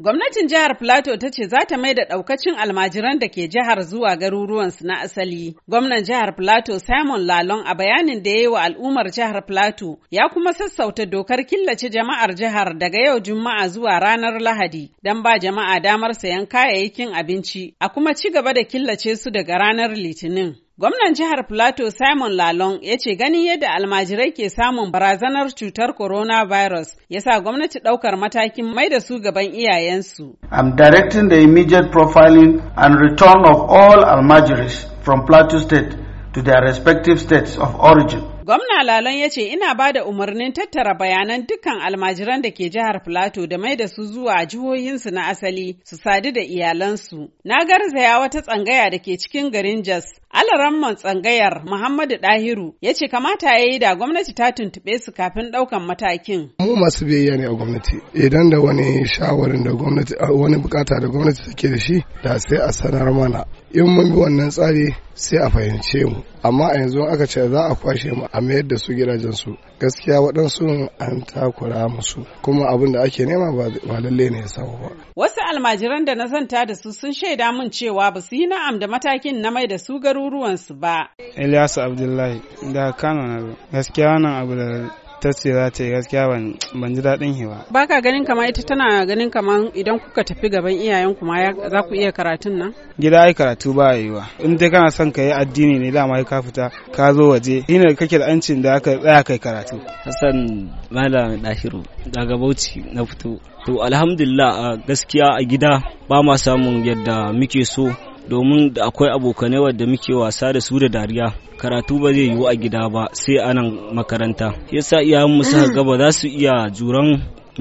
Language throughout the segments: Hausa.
Gwamnatin jihar Plateau ta ce za ta mai da ɗaukacin almajiran da ke jihar zuwa garuruwansu na asali. Gwamnan jihar Plateau Simon Lalon a bayanin da ya yi wa al'ummar jihar Plateau ya kuma sassauta dokar killace jama'ar jihar daga yau Juma'a zuwa ranar Lahadi don ba jama'a damar sayan kayayyakin abinci a kuma ci gaba da killace su daga ranar Litinin. Gwamnan jihar Plateau Simon Lalong ya ce ganin yadda almajirai ke samun barazanar cutar coronavirus ya sa gwamnati ɗaukar matakin mai da su gaban iyayensu. I'm directing the immediate profiling and return of all almajiris from Plateau State to their respective states of origin. Gwamna Lalon ya ce ina ba da umarnin tattara bayanan dukkan almajiran da ke jihar Filato da mai da su zuwa jihohinsu na asali su sadu da iyalansu. Na garzaya wata tsangaya da ke cikin garin Jos Alaramman tsangayar Muhammadu Dahiru ya ce kamata ya yi da gwamnati ta tuntuɓe su kafin ɗaukan matakin. Mu masu biyayya ne a gwamnati. Idan da wani shawarin da gwamnati wani bukata da gwamnati take da shi da sai a sanar mana. In mun bi wannan tsari sai a fahimce mu. Amma a yanzu aka ce za a kwashe mu a mayar da su gidajen su. gaskiya waɗansu an takura musu kuma abin da ake nema ba lalle ne ya samu ba. Wasu almajiran da na zanta da su sun shaida mun cewa ba su yi na'am da matakin na mai da su garuruwansu ba. Ilyasu Abdullahi da Kano na gaskiya wannan abu da ta ce gaskiya ban ban ji daɗin hewa. Baka ganin kama ita tana ganin kama idan kuka tafi gaban iyayen kuma za ku iya karatun nan? Gida ai karatu ba yiwa. In dai kana son ka yi addini ne dama ka fita ka zo waje. Shi ne kake da ancin da aka tsaya kai karatu. Hassan Malam Dahiru daga Bauchi na fito. To alhamdulillah gaskiya a gida ba ma samun yadda muke so domin da akwai abokanai wadda muke wasa da su da dariya karatu ba zai yiwu a gida ba sai anan nan makaranta yasa iyayenmu suka ga ba za su iya juran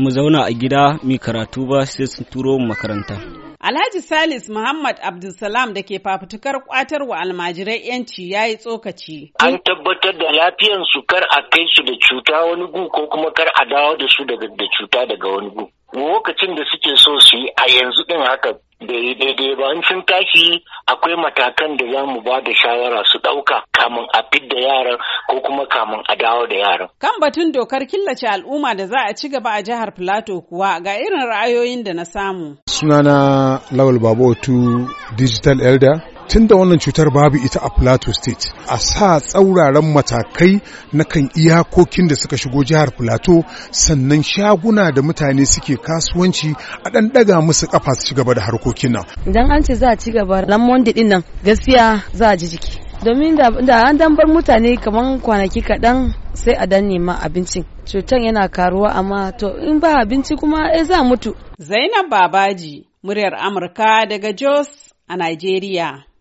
mu zauna a gida mu karatu ba sai sun turo mu makaranta Alhaji Salis Muhammad Abdulsalam da ke fafutukar kwatar wa almajirai yanci ya yi tsokaci. An tabbatar da su kar a kai su da cuta wani gu ko kuma kar a dawo da su da cuta daga wani gu. Lokacin da suke so su yi a yanzu ɗin haka daidai ba in sun tashi akwai matakan da za mu ba da shawara su ɗauka kamun a fidda yaran ko kuma kamun a dawo da yaran. Kan batun dokar killace al'umma da za a ci gaba a jihar Filato kuwa ga irin ra'ayoyin da na samu. Sunana Lawal Babotu Digital Elder tun da wannan cutar babu ita a plateau state a sa tsauraran matakai na kan iyakokin da suka shigo jihar plateau sannan shaguna da mutane suke kasuwanci a ɗan ɗaga musu kafa su ci da harkokin nan idan an ce za a ci gaba lamon din nan gaskiya za a ji jiki domin da an dan bar mutane kamar kwanaki kaɗan sai a dan nema abincin cutan yana karuwa amma to in ba abinci kuma eh za mutu zainab babaji muryar amurka daga jos a nigeria